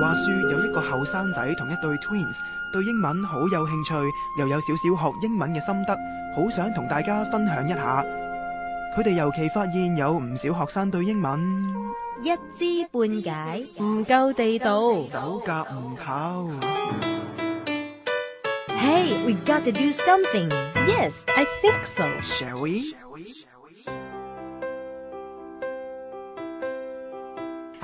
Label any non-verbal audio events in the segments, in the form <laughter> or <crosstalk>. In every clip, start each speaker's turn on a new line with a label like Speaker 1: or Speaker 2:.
Speaker 1: 話說有一個後生仔同一對 twins，對英文好有興趣，又有少少學英文嘅心得，好想同大家分享一下。佢哋尤其發現有唔少學生對英文
Speaker 2: 一知半解，唔夠地道，走夾唔透。Hey, we got to do something. Yes, I think so. Shall we?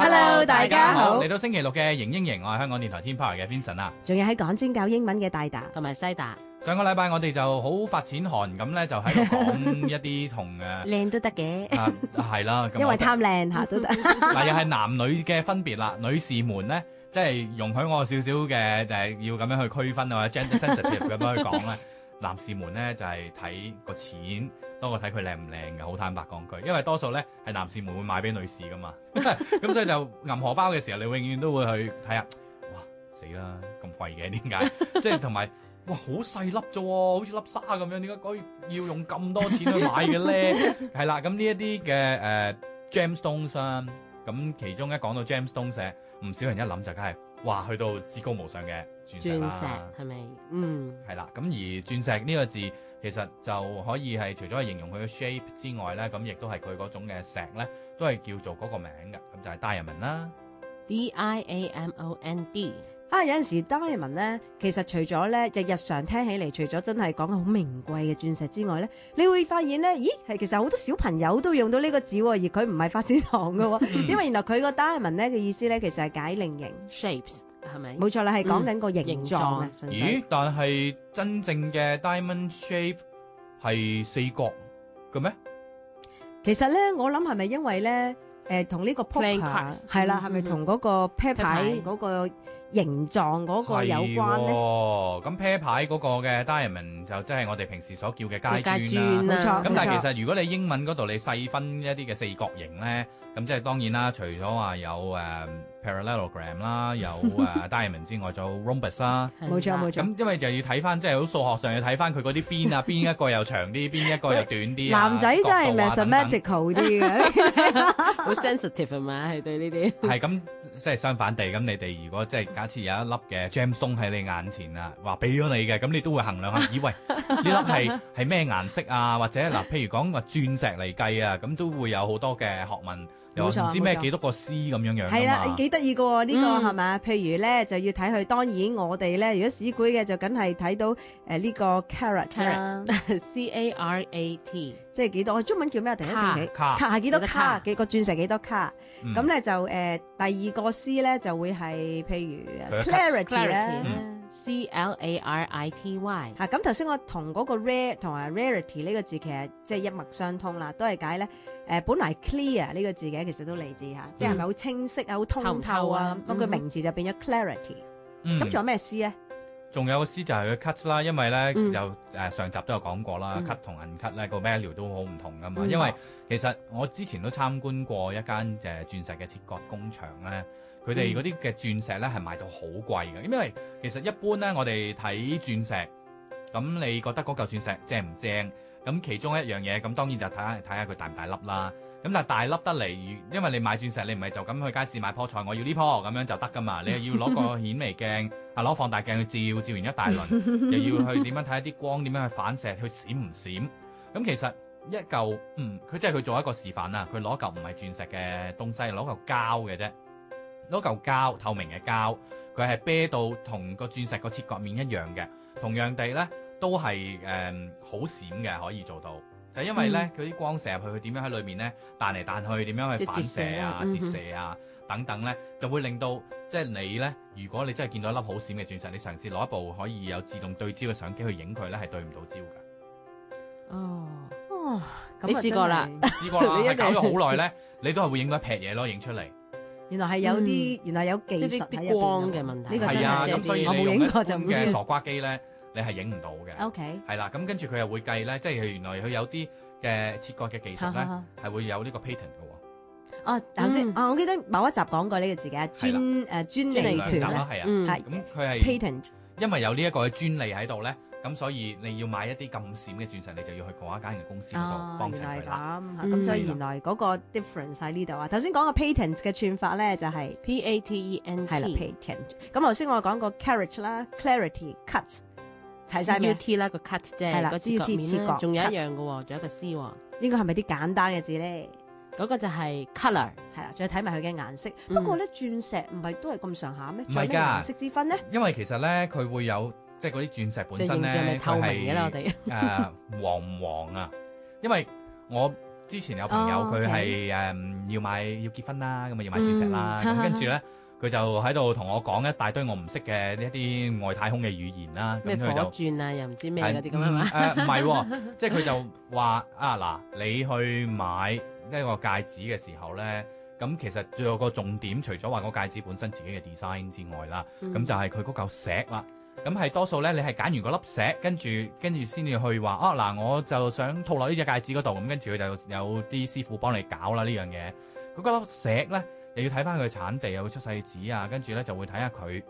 Speaker 2: hello，大家好，嚟
Speaker 1: 到星期六嘅瑩英瑩，我係香港電台 Teen Power 嚟嘅 Vincent 啊，
Speaker 2: 仲有喺港專教英文嘅大達同埋西達。
Speaker 1: 上個禮拜我哋就好發錢寒，咁咧，就係講一啲同誒靚都得嘅，係、啊、啦， <laughs> 因為貪
Speaker 2: 靚吓都得。嗱， <laughs>
Speaker 1: 又係男女嘅分別啦，女士們咧，即係容許我少少嘅誒，要咁樣去區分啊，gender sensitive 咁樣去講咧。 <laughs> 男士們咧就係睇個錢。多我睇佢靚唔靚嘅，好坦白講句，因為多數咧係男士們會買俾女士噶嘛，咁 <laughs> 所以就揞荷包嘅時候，你永遠都會去睇下，哇死啦咁貴嘅，點解？即係同埋，哇好細粒咋喎，好似粒沙咁樣，點解要要用咁多錢去買嘅咧？係 <laughs> 啦，咁呢一啲嘅誒 gemstones 啊。咁其中一講到 James 東石，唔少人一諗就梗係嘩去到至高無上嘅鑽石啦，鑽石，
Speaker 3: 係咪？嗯，係、mm. 啦。
Speaker 1: 咁而鑽石呢個字其實就可以係除咗係形容佢嘅 shape 之外咧，咁亦都係佢嗰種嘅石咧，都係叫做嗰個名嘅，咁就係 diamond
Speaker 3: 啦。
Speaker 2: Diamond 啊！有陣時 diamond 咧，其實除咗咧就日常聽起嚟，除咗真係講嘅好名貴嘅鑽石之外咧，你會發現咧，咦？係其實好多小朋友都用到呢個字，而佢唔係發展堂嘅， <laughs> 因為原來佢個 diamond 咧嘅意思咧，其實係解菱形 shapes 係咪？冇錯啦，係講緊個形狀，嗯，形狀。咦？
Speaker 1: 但係真正嘅 diamond shape 係四角嘅咩？
Speaker 2: 其實咧，我諗係咪因為咧，誒同呢個 poker 係啦，係咪同嗰個啤牌嗰個？形狀嗰個有關哦，
Speaker 1: 咁啤牌嗰個嘅 diamond 就即係我哋平時所叫嘅階磚啊，咁、啊、但係其實如果你英文嗰度你細分一啲嘅四角形咧，咁即係當然啦，除咗話有、uh, parallelogram 啦，有、uh, diamond 之外，仲有 rhombus 啦，冇錯冇錯。咁因為就要睇翻，即係喺數學上要睇翻佢嗰啲邊啊，邊 <laughs> 一個又長啲，邊 <laughs> 一個又短啲、啊。男仔真係 mathematical
Speaker 3: 啲、啊、嘅，好 <laughs> <laughs> <laughs> sensitive 啊嘛，係對呢啲係
Speaker 1: 咁。即係相反地，咁你哋如果即係假設有一粒嘅 gemstone 喺你眼前啊，話俾咗你嘅，咁你都會衡量下，以為呢粒係係咩顏色啊？或者嗱，譬如講話鑽石嚟計啊，咁都會有好多嘅學問。又唔知咩幾多個 C 咁
Speaker 2: 樣
Speaker 3: 樣，係啊，幾得意
Speaker 2: 噶呢個係嘛、嗯？譬如咧，就要睇佢。當然我哋咧，如果市區嘅就梗係睇到誒呢個 carat，carat，c <laughs> a r a t，即係幾多？中文叫咩啊？第一成幾？Car, 卡卡係幾多卡？個卡幾個鑽石幾多卡？咁、嗯、咧就誒、呃、第二個 C 咧就會係譬如 clarity C L A R I T Y 嚇咁，啊、頭先我同嗰個 rare 同埋 rarity 呢個字其實即係一脈相通啦，都係解咧誒、呃、本來 clear 呢個字嘅其實都嚟自嚇、嗯，即係係咪好清晰啊，好通透啊咁個、啊嗯、名字就變咗 clarity，咁仲、嗯、有咩 c 咧？
Speaker 1: 仲有一個 C 就係佢 cut 啦，因為咧就誒上集都有講過啦、嗯、cut 同 uncut 咧個 value 都好唔同噶嘛、嗯。因為其實我之前都參觀過一間誒鑽石嘅切割工場咧，佢哋嗰啲嘅鑽石咧係賣到好貴嘅，因為其實一般咧我哋睇鑽石，咁你覺得嗰嚿鑽石正唔正？咁其中一樣嘢，咁當然就睇下睇下佢大唔大粒啦。咁但係大粒得嚟，因為你買鑽石，你唔係就咁去街市買棵菜，我要呢棵咁樣就得㗎嘛？你又要攞個顯微鏡， <laughs> 啊攞放大鏡去照，照完一大輪， <laughs> 又要去點樣睇一啲光，點樣去反射，去閃唔閃？咁其實一嚿，嗯，佢即係佢做一個示範啦，佢攞嚿唔係鑽石嘅東西，攞嚿膠嘅啫，攞嚿膠透明嘅膠，佢係啤到同個鑽石個切割面一樣嘅，同樣地呢，都係誒好閃嘅，可以做到。就因為咧，佢、嗯、啲光射入去，佢點樣喺裏面咧彈嚟彈去，點樣去反射啊、折射啊、射啊、嗯、等等咧，就會令到即係你咧，如果你真係見到一粒好閃嘅鑽石，你嘗試攞一部可以有自動對焦嘅相機去影佢咧，係對唔到焦噶。
Speaker 2: 哦，你試過啦？試過，係搞咗好耐咧，
Speaker 1: 你， <laughs> 你，呢 <laughs> 你都係會影到一劈嘢咯，影出嚟。
Speaker 2: 原來係有啲、嗯，原來有技術啲光嘅問題。係啊，咁所以你用一般嘅傻
Speaker 1: 瓜機咧。你係影唔到嘅，OK 係啦。咁、okay. 跟住佢又會計咧，即係原來佢有啲嘅切割嘅技術咧，係會有呢個 patent 嘅喎。
Speaker 2: 哦、啊，頭先哦，我記得某一集講過呢個字嘅專誒專利權啦，係啊，係咁佢係 patent，
Speaker 1: 因為有呢一個嘅專利喺度咧，咁所以你要買一啲咁閃嘅鑽石，你就要去過一間嘅公司嗰度幫襯佢啦。
Speaker 2: 咁所以原來嗰個 difference 喺呢度啊。頭先講個 patent 嘅串法咧、就是，就係 p a t e n t 係啦 patent。咁頭先我講過 carat 啦，clarity cuts。睇晒 CUT 啦，個 cut 啫，嗰個字角面啦，仲有一樣嘅喎，仲有一個 C 喎，應該係咪啲簡單嘅字咧？嗰、嗰個就係 colour，係啦，仲要睇埋佢嘅顏色。嗯、不過咧，鑽石唔係都係咁上下咩？唔係㗎，顏色之分咧。
Speaker 1: 因為其實咧，佢會有即係嗰啲鑽石本身咧，佢係咪透明嘅啦，我哋誒黃唔黃啊？因為我之前有朋友佢係誒要買要結婚啦，咁啊要買鑽石啦，咁、嗯、跟住咧。 <laughs> 佢就喺度同我講一大堆我唔識嘅呢一啲外太空嘅語言啦，咁佢、啊、就，
Speaker 3: 轉、 <laughs> 嗯呃、啊又唔知咩啲咁樣唔係，
Speaker 1: 即係佢就話啊嗱，你去買呢個戒指嘅時候咧，咁其實最後個重點除咗話嗰戒指本身自己嘅 design 之外啦，咁、嗯、就係佢嗰嚿石啦。咁係多數咧，你係揀完嗰粒石，跟住跟住先至去話啊嗱，我就想套落呢隻戒指嗰度，咁、嗯、跟住佢就有啲師傅幫你搞啦呢樣嘢。嗰粒石咧。你要睇翻佢產地又會出世紙啊，跟住咧就會睇下佢。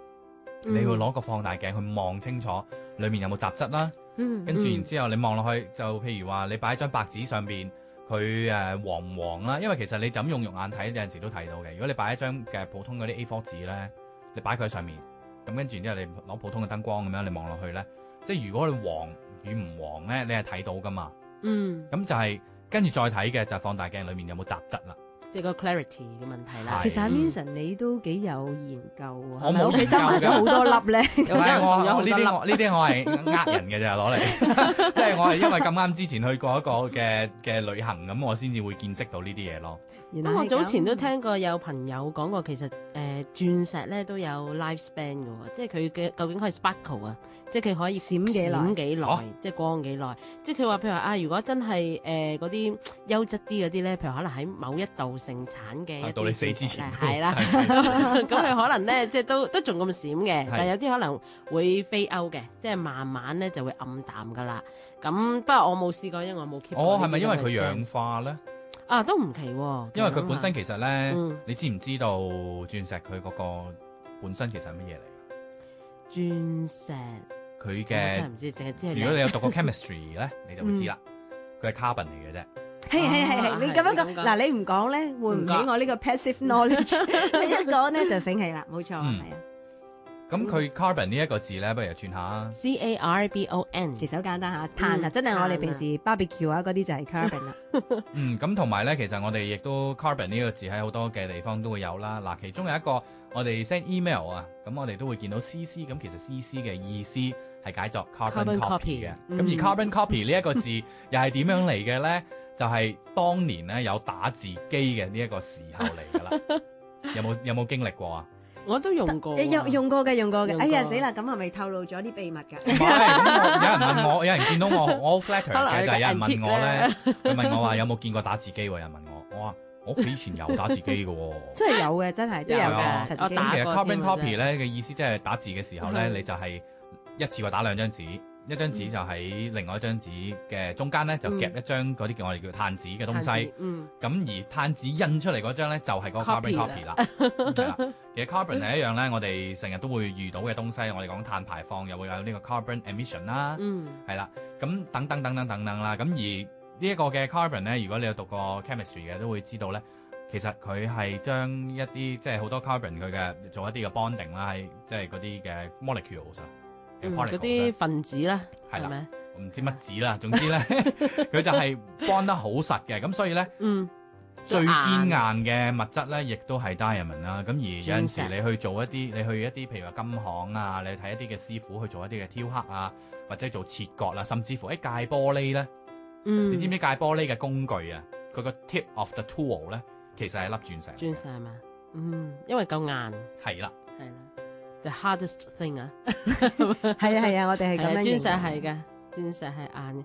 Speaker 1: 你要攞個放大鏡去望清楚，裏面有冇雜質啦、啊。嗯，
Speaker 3: 跟、嗯、住然之
Speaker 1: 後你望落去，就譬如話你擺喺張白紙上面，佢黃唔黃啦、啊？因為其實你就咁用肉眼睇有時都睇到嘅。如果你擺一張嘅普通嗰啲 A4 紙咧，你擺佢喺上面，咁跟住然之後你攞普通嘅燈光咁樣你望落去咧，即係如果你黃與唔黃咧，你係睇到噶嘛。嗯，咁就係跟住再睇嘅就係放大鏡裡面有冇雜質啦、啊。
Speaker 3: 呢個 clarity 嘅問題啦，其實阿 Vincent
Speaker 2: 你都幾有研究喎，係咪？起身買咗好多粒咧，真係送咗好多粒。呢啲我呢啲我係呃
Speaker 1: 人嘅咋攞嚟，即係我係因為咁啱之前去過一個嘅嘅旅行咁，我先至會見識到呢啲嘢咯。
Speaker 3: 咁我早前都聽過有朋友講過，其實誒鑽石咧都有 life span 嘅，即係佢嘅究竟佢係 sparkle 啊？即係佢可以閃幾耐，幾耐，啊，即係光幾耐。即係佢話，譬如啊，如果真係誒嗰啲優質啲嗰啲咧，譬如可能喺某一度盛產嘅，到你死之前係啦。咁佢 <laughs> 可能咧，即係都都仲咁閃嘅，但係有啲可能會 fade out 嘅，即係慢慢咧就會暗淡噶啦。咁不過我冇試過，因為我冇 keep。哦，係咪因為
Speaker 1: 佢氧化咧？
Speaker 3: 啊，都唔奇。因為佢本身其實咧，嗯，
Speaker 1: 你知唔知道鑽石佢嗰個本身其實係乜嘢嚟？
Speaker 3: 鑽石。
Speaker 1: 佢嘅如果你有讀過 chemistry 咧， <laughs> 你就會知啦、嗯它是嘿嘿嘿啊、啦。佢係 carbon 嚟嘅啫。
Speaker 2: 係係係係，你咁樣講嗱，你唔講咧，會唔會畀我呢個 passive knowledge？ <laughs> 你一講咧就醒起啦，冇錯係啊。
Speaker 1: 咁、嗯、佢 carbon 呢一個字咧，不如又轉下
Speaker 2: c a r b o n，其實好簡單嚇，碳啊,真係我哋平時 barbecue 啊嗰啲就係 carbon 啦。
Speaker 1: <laughs> 嗯，咁同埋咧，其實我哋亦都 carbon 呢個字喺好多嘅地方都會有啦。嗱，其中有一個我哋 send email 啊，咁我哋都會見到 c c，咁其實 c c 嘅意思。係解作 carbon copy 嘅，咁、嗯、而 carbon copy 呢一個字又係點樣嚟嘅咧？ <laughs> 就係當年咧有打字機嘅呢一個時候嚟噶啦，有冇有冇經歷過啊？
Speaker 2: 我都用過，用用過嘅，用過嘅。哎呀死啦，咁係咪透露咗啲秘密噶、 <laughs> 嗯？有人問我，
Speaker 1: 有人見到我， <laughs> 我好 flatter 嘅就係、是、有人問我咧，
Speaker 2: 佢 <laughs> 問我話
Speaker 1: 有冇見過打字機？有人問我，我話我屋企以前有打字機嘅，
Speaker 2: 即 <laughs> 係有嘅，真係都有嘅。 <laughs> 其實 carbon copy 咧
Speaker 1: 嘅意思，即係打字嘅時候咧， <laughs> 你就係、是。一次過打兩張紙，一張紙就喺另外一張紙嘅中間咧，就夾一張嗰啲叫我哋叫碳紙嘅東西。咁、嗯嗯、而碳紙印出嚟嗰張咧，就係、是、個 carbon copy 啦、嗯。其實 carbon 係一樣咧，我哋成日都會遇到嘅東西。我哋講碳排放又會有呢個 carbon emission 啦、嗯。係啦，咁等等等等等等啦。咁而這呢一個嘅 carbon 咧，如果你有讀過 chemistry 嘅，都會知道咧，其實佢係將一啲即係好多 carbon 佢嘅做一啲嘅 bonding 啦，喺即係嗰啲嘅 molecule 上。嗰、嗯、啲
Speaker 3: 分子，呢子啦，係
Speaker 1: 啦，唔知乜子啦，總之咧，佢就係綁得好實嘅，咁所以咧，
Speaker 3: 嗯，最堅
Speaker 1: 硬嘅物質咧，亦都係 diamond 啦。咁而有陣時你去做一啲，你去一啲，譬如話金行啊，你睇一啲嘅師傅去做一啲嘅雕刻啊，或者做切割啦，啊，甚至乎喺、欸、戒玻璃咧，
Speaker 3: 嗯，你知唔知
Speaker 1: 戒玻璃嘅工具啊？佢個 tip of the tool 咧，其實係粒鑽石，
Speaker 3: 鑽石係嘛？嗯，因為夠硬。係啦。係啦。The hardest thing <laughs> <laughs> 啊，係啊，係啊，我哋係咁樣嘅。鑽石係嘅，
Speaker 2: 鑽石係硬嘅，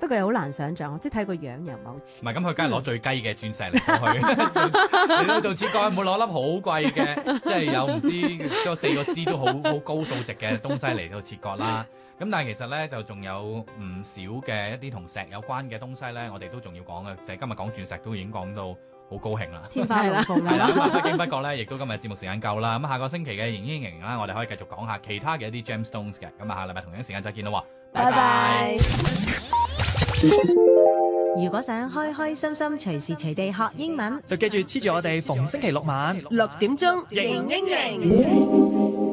Speaker 2: 不過又好難想象，即係睇個樣又唔係好
Speaker 1: 似。唔、嗯、係，咁佢梗係攞最低嘅鑽石嚟去嚟 <laughs> <laughs> 做切割，唔會攞粒好貴嘅， <laughs> 即係有唔知道有四個 C 都好好高數值嘅東西嚟到切割啦。咁但係其實咧就仲有唔少嘅一啲同石有關嘅東西咧，我哋都仲要講嘅，就係、是、今日講鑽石都已經講到。好高興啦！天花露布啊！係啦，不經不覺咧，亦都今日節目時間夠啦。咁啊，下個星期嘅瑩瑩瑩啦，我哋可以繼續講下其他嘅一啲 Gemstones 嘅。咁啊，下禮拜同樣時間再見咯，拜拜！
Speaker 2: 如果想開開心心、隨時隨地學英文，就記住黐住我哋逢星期六晚六點鐘瑩瑩瑩。